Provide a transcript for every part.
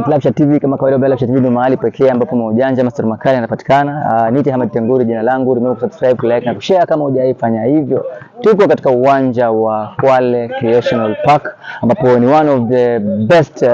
Clubsha TV kama kawaida, Clubsha TV ni mahali pekee ambapo maujanja master makali yanapatikana. Uh, Niti Hamad Tenguri jina langu, remember kusubscribe, kulike na kushare kama hujaifanya hivyo. Tuko katika uwanja wa Kwale Creational Park ambapo ni one of the best uh,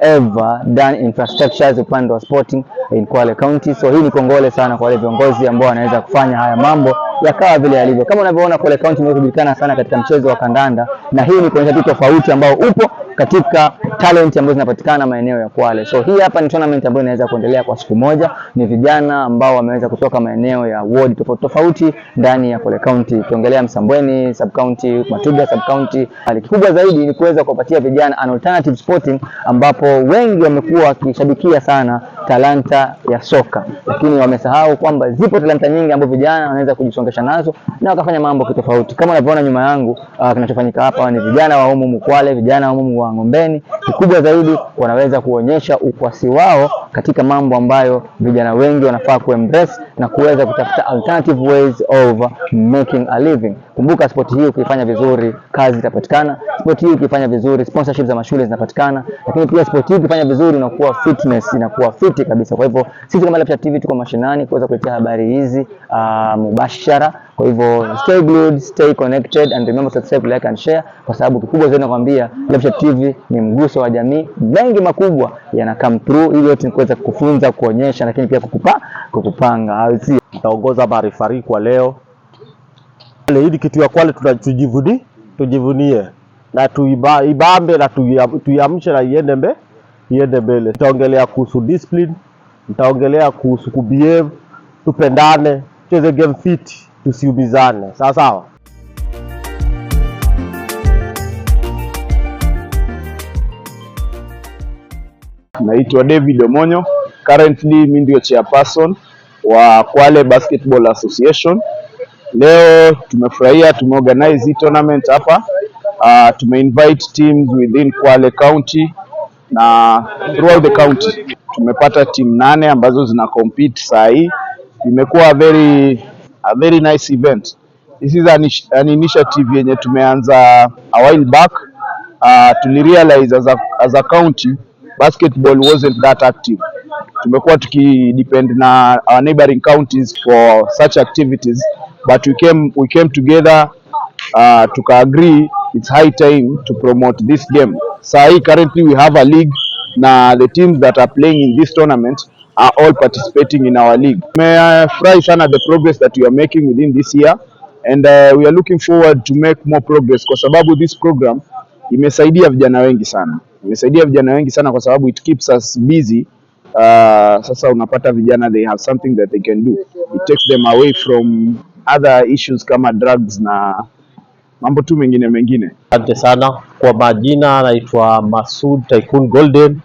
ever done infrastructures upande wa sporting in Kwale County. So hii ni kongole sana kwa wale viongozi ambao wanaweza kufanya haya mambo yakawa vile yalivyo. Kama unavyoona Kwale County imekujulikana sana katika mchezo wa kandanda, na hii ni kuonyesha tu tofauti ambao upo katika talent ambazo zinapatikana maeneo ya Kwale. So hii hapa ni tournament ambayo inaweza kuendelea kwa siku moja. Ni vijana ambao wameweza kutoka maeneo ya ward tofauti tofauti ndani ya Kwale County, ukiongelea Msambweni sub county, Matuga sub county. kubwa zaidi ni kuweza kuwapatia vijana an alternative sporting, ambapo wengi wamekuwa wakishabikia sana talanta ya soka, lakini wamesahau kwamba zipo talanta nyingi ambazo vijana wanaweza kujisongesha nazo na wakafanya mambo kitofauti. Kama unavyoona nyuma yangu, uh, kinachofanyika hapa ni vijana wa humu Kwale, vijana wa humu wa Ng'ombeni. Kikubwa zaidi wanaweza kuonyesha ukwasi wao katika mambo ambayo vijana wengi wanafaa kuembrace na kuweza kutafuta alternative ways of making a living. Kumbuka sport hii ukifanya vizuri, kazi itapatikana. Sport hii ukifanya vizuri, sponsorship za mashule zinapatikana, lakini pia sport hii ukifanya vizuri, unakuwa fitness, inakuwa fit tofauti kabisa. Kwa hivyo sisi kama LavishHat TV tuko mashinani kuweza kuletea habari hizi uh, mubashara. Kwa hivyo stay glued, stay connected and remember to subscribe, like and share, kwa sababu kikubwa zaidi nakwambia LavishHat TV ni mguso wa jamii. Mengi makubwa yana come through, ili yote niweza kukufunza, kuonyesha, lakini pia kukupa kukupanga. taongoza habari maarifa kwa leo ile hili kitu ya Kwale tunajivuni tujivunie na tuibambe na tuiamshe na iende mbele tukiende mbele. Nitaongelea kuhusu discipline, nitaongelea kuhusu kubehave, tupendane, tucheze game fit, tusiumizane, sawa sawa. Naitwa David Omonyo. Currently mimi ndio chairperson wa Kwale Basketball Association. Leo tumefurahia, tumeorganize hii tournament hapa. Uh, ah, tumeinvite teams within Kwale County na throughout the county tumepata timu nane ambazo zina compete saa hii. Imekuwa a very, a very nice event. This is an, an initiative yenye tumeanza a while back. Uh, tulirealize as a, as a county basketball wasn't that active. Tumekuwa tukidepend na our neighboring counties for such activities but we came, we came together uh, tuka agree it's high time to promote this game. Sahi currently we have a league na the teams that are playing in this tournament are all participating in our league. Tumefurahi sana the progress that we are making within this year and uh, we are looking forward to make more progress kwa sababu this program imesaidia vijana wengi sana, imesaidia vijana wengi sana kwa sababu it keeps us busy. Uh, sasa unapata vijana they have something that they can do, it takes them away from other issues kama drugs na mambo tu mengine mengine. Asante sana kwa majina, anaitwa Masud Tycoon Golden.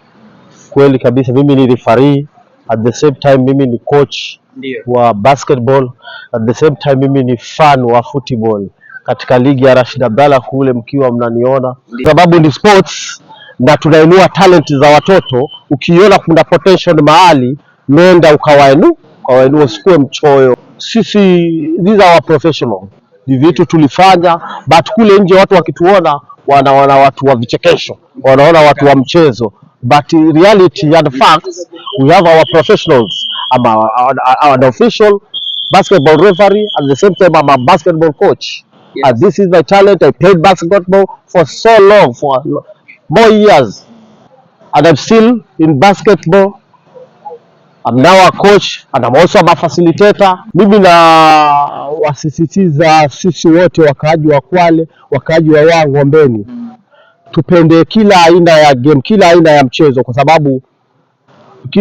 Kweli kabisa mimi ni referee, at the same time mimi ni coach Ndiyo. wa basketball, at the same time mimi ni fan wa football katika ligi ya Rashid Abdalla kule, mkiwa mnaniona sababu ni sports na tunainua talent za watoto. Ukiona kuna potential mahali, nenda ukawainu ukawainua, usikuwe mchoyo. Sisi these are our professional ni vitu tulifanya, but kule nje watu wakituona wanaona watu wa vichekesho, wanaona watu wa mchezo, but reality and facts we have our professionals ama uh, uh, an official basketball referee at the same time I'm a basketball coach yes. and this is my talent I played basketball for so long for more years and I'm still in basketball I'm now a coach and I'm also a facilitator. Mimi na wasisitiza sisi wote wakaaji wa Kwale, wakaaji wa Wang'o Ng'ombeni, tupende kila aina ya game, kila aina ya mchezo, kwa sababu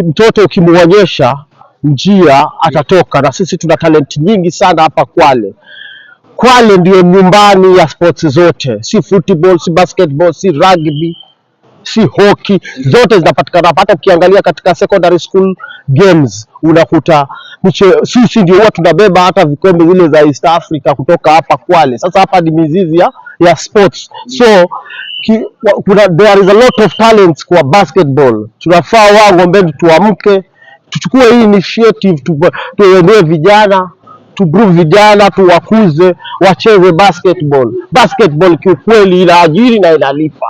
mtoto ukimuonyesha njia atatoka, na sisi tuna talenti nyingi sana hapa Kwale. Kwale ndiyo nyumbani ya sports zote, si football, si basketball, si rugby si hoki, zote zinapatikana. Hata ukiangalia katika secondary school games unakuta sisi ndio huwa tunabeba hata vikombe zile za East Africa kutoka hapa Kwale. Sasa hapa ni mizizi ya, ya sports so ki, kuna, there is a lot of talents kwa basketball. Tunafaa ngombeni tuamke, tuchukue hii initiative, tuenee vijana tubruu vijana tuwakuze, wacheze basketball. Basketball kiukweli inaajiri na inalipa.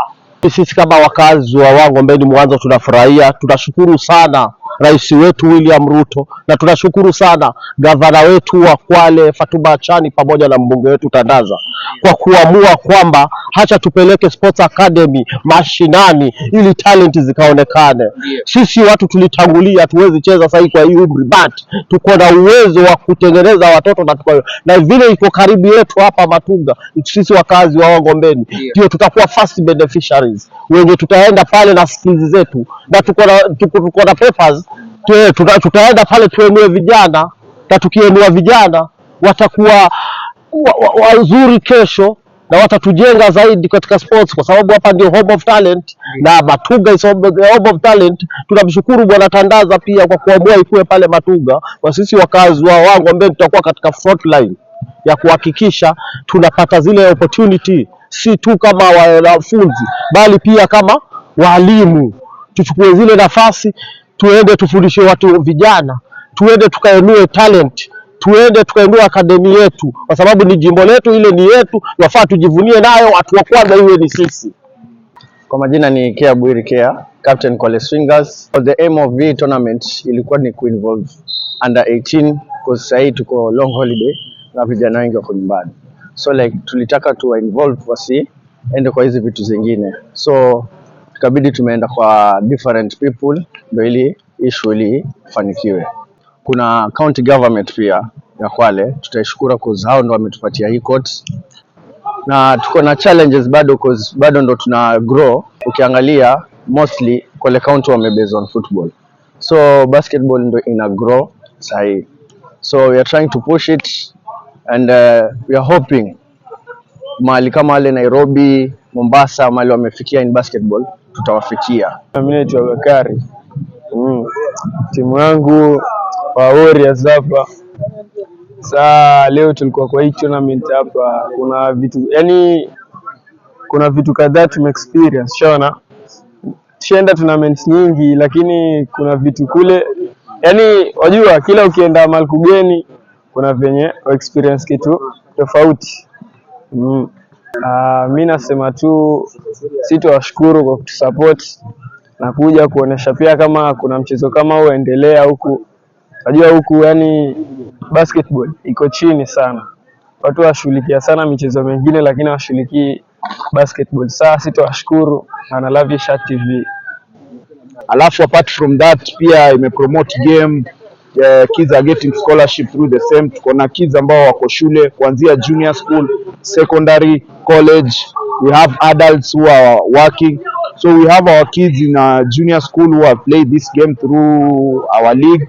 Sisi kama wakazi wa Wang'ombe ni Mwanza tunafurahia, tunashukuru sana rais wetu William Ruto, na tunashukuru sana gavana wetu wa Kwale Fatuma Achani pamoja na mbunge wetu Tandaza kwa kuamua kwamba hacha tupeleke Sports Academy mashinani ili talent zikaonekane. Sisi watu tulitangulia, tuwezi cheza sahi kwa hii umri, but tuko na uwezo wa kutengeneza watoto na tuko na vile iko karibu yetu hapa Matunga, sisi wakazi wa Wangombeni ndio yeah. Tutakuwa first beneficiaries wenye tutaenda pale na skills zetu na tuko na papers tuta, tutaenda pale tuenue vijana na tukienua vijana watakuwa wazuri kesho na watatujenga zaidi katika sports, kwa sababu hapa ndio home of talent na Matuga is home, of talent. Tunamshukuru Bwana Tandaza pia kwa kuamua ikue pale Matuga, kwa sisi wakazi wa wangu ambao tutakuwa katika front line ya kuhakikisha tunapata zile opportunity, si tu kama wanafunzi bali pia kama walimu, tuchukue zile nafasi tuende tufundishe watu vijana, tuende tukaenue talent, tuende tukaenue akademi yetu, kwa sababu ni jimbo letu, ile ni yetu, nafaa tujivunie nayo. Watu wa kwanza iwe ni sisi. Kwa majina ni Kea Bwiri Kea, captain Kwale Swingers. The aim of the tournament ilikuwa ni kuinvolve under 18 because sasa hii tuko long holiday na vijana wengi wako nyumbani, so like tulitaka tuwa involve wasi ende kwa hizi vitu zingine so tukabidi tumeenda kwa different people ndio ili issue ili ifanikiwe. Kuna county government pia ya Kwale, tutaishukuru cause hao ndio wametupatia hii court, na tuko na challenges bado cause bado ndo tuna grow. Ukiangalia mostly Kwale county wame based on football, so basketball ndo ina grow sahi, so we are trying to push it and uh, we are hoping mahali kama wale Nairobi, Mombasa, mahali wamefikia in basketball tutawafikia. Mimi naitwa Bakari mm. Timu yangu wa Warriors hapa saa leo tulikuwa kwa hii tournament hapa, kuna vitu yani, kuna vitu kadhaa tume experience shona, tushaenda tournament nyingi, lakini kuna vitu kule yani, wajua kila ukienda mahali kugeni kuna venye experience kitu tofauti mm. Uh, mi nasema tu si tuwashukuru kwa kutusupport na kuja kuonesha pia kama kuna mchezo kama huu endelea huku. Najua huku yani basketball iko chini sana, watu washughulikia sana michezo mingine, lakini washughulikii basketball. Saa si tuwashukuru na Love TV. Alafu apart from that pia imepromote game uh, kids are getting scholarship through the same. Tuko na kids ambao wako shule kuanzia junior school, secondary, college. We have adults who are working. So we have our kids in a uh, junior school who have played this game through our league.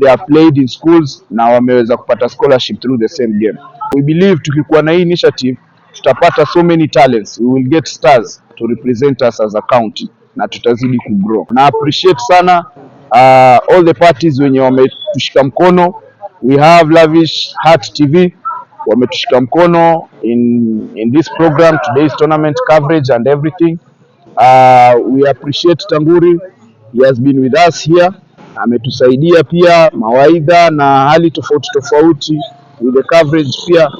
They have played in schools na wameweza kupata scholarship through the same game. We believe tukikuwa na hii initiative tutapata so many talents. We will get stars to represent us as a county na tutazidi kugrow. Na appreciate sana uh, all the parties wenye wametushika mkono. We have Lavish Heart TV wametushika mkono in, in this program today's tournament coverage and everything. Uh, we appreciate Tanguri, he has been with us here, ametusaidia pia mawaidha na hali tofauti tofauti with the coverage pia.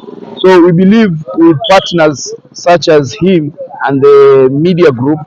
So we believe with partners such as him and the media group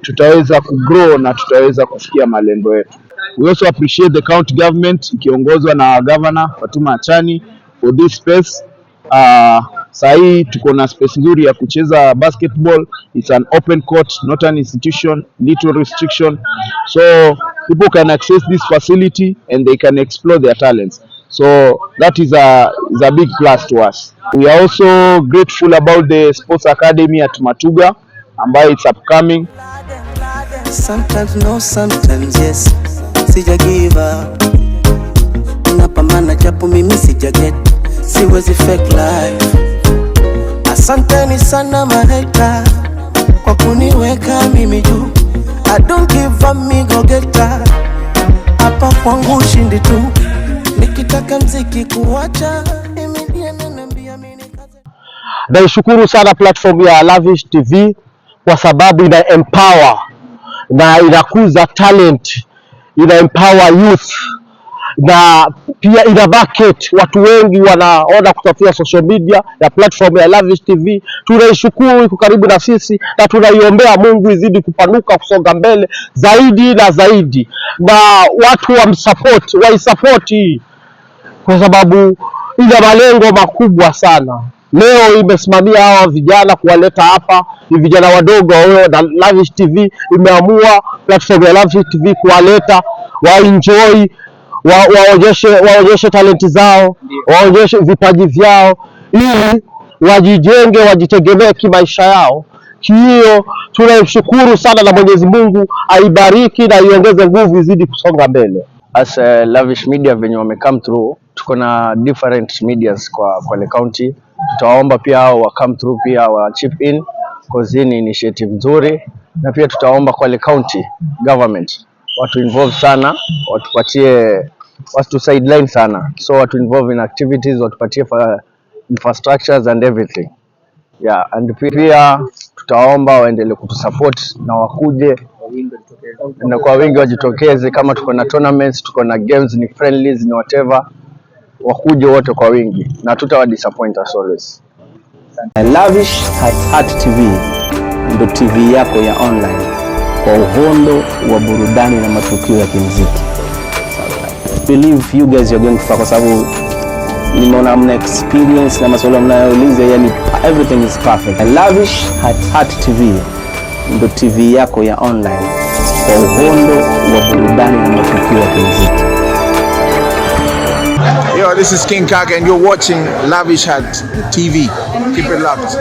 tutaweza kugrow na tutaweza kufikia malengo yetu. We also appreciate the county government ikiongozwa na Governor Fatuma Achani for this space. Uh, saa hii tuko na space nzuri ya kucheza basketball. It's an open court, not an institution, little restriction. So people can access this facility and they can explore their talents. So that is a, is a big plus to us. We are also grateful about the Sports Academy at Matuga ambayo it's upcoming. Sometimes no, sometimes yes sija give up, napambana japo mimi sija get, siwezi fake life. Asanteni sana maheta kwa kuniweka mimi juu, I don't give up, mi go geta hapa kwangu shindi tu, nikitaka mziki kuwacha Naishukuru sana platform ya Lavish TV kwa sababu ina empower na inakuza talent ina empower youth na pia ina market. Watu wengi wanaona kutafutia social media ya platform ya Lavish TV. Tunaishukuru, iko karibu na sisi na tunaiombea Mungu izidi kupanuka kusonga mbele zaidi na zaidi, na watu wamsupport, waisapoti kwa sababu ina malengo makubwa sana. Leo imesimamia hawa vijana kuwaleta hapa, ni vijana wadogo wao, na Lavish TV imeamua platform ya Lavish TV kuwaleta waenjoy, waonyeshe wa waonyeshe talenti zao, waonyeshe vipaji vyao ili wajijenge, wajitegemee kimaisha yao. Hiyo tunamshukuru sana na Mwenyezi Mungu aibariki na iongeze nguvu izidi kusonga mbele. As uh, Lavish Media venye wamecome through, tuko na different medias kwa Kwale County tutaomba pia wa come through pia wa chip in cause hii ni initiative nzuri, na pia tutaomba Kwale County government watu involve sana, watupatie watu sideline sana, so watu involve in activities watupatie infrastructures and everything yeah, and pia tutaomba waendelee kutusupport na wakuje na kwa wingi wajitokeze, kama tuko na tournaments, tuko na games, ni friendlies, ni whatever wakuje wote kwa wingi na tutawa disappoint as always. Lavish at Art TV ndo TV yako ya online kwa uhondo wa burudani na matukio ya kimuziki. Believe you guys are going to kwa sababu nimeona mna experience na maswali mnayouliza, yani everything is perfect. Lavish at Art TV ndo TV yako ya online kwa uhondo wa burudani na matukio ya kimuziki. Yo, this is King Kaka, and you're watching Lavish Hat TV. Keep it locked.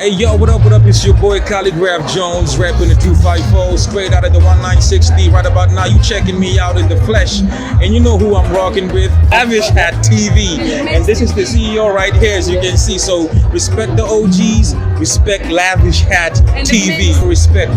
Hey, yo, what up, what up? It's your boy Khalid Rap Jones, rapping the 254, straight out of the 1960. Right about now, you checking me out in the flesh. And you know who I'm rocking with, Lavish Hat TV. And this is the CEO right here, as you can see. So respect the OGs, respect Lavish Hat TV. Respect.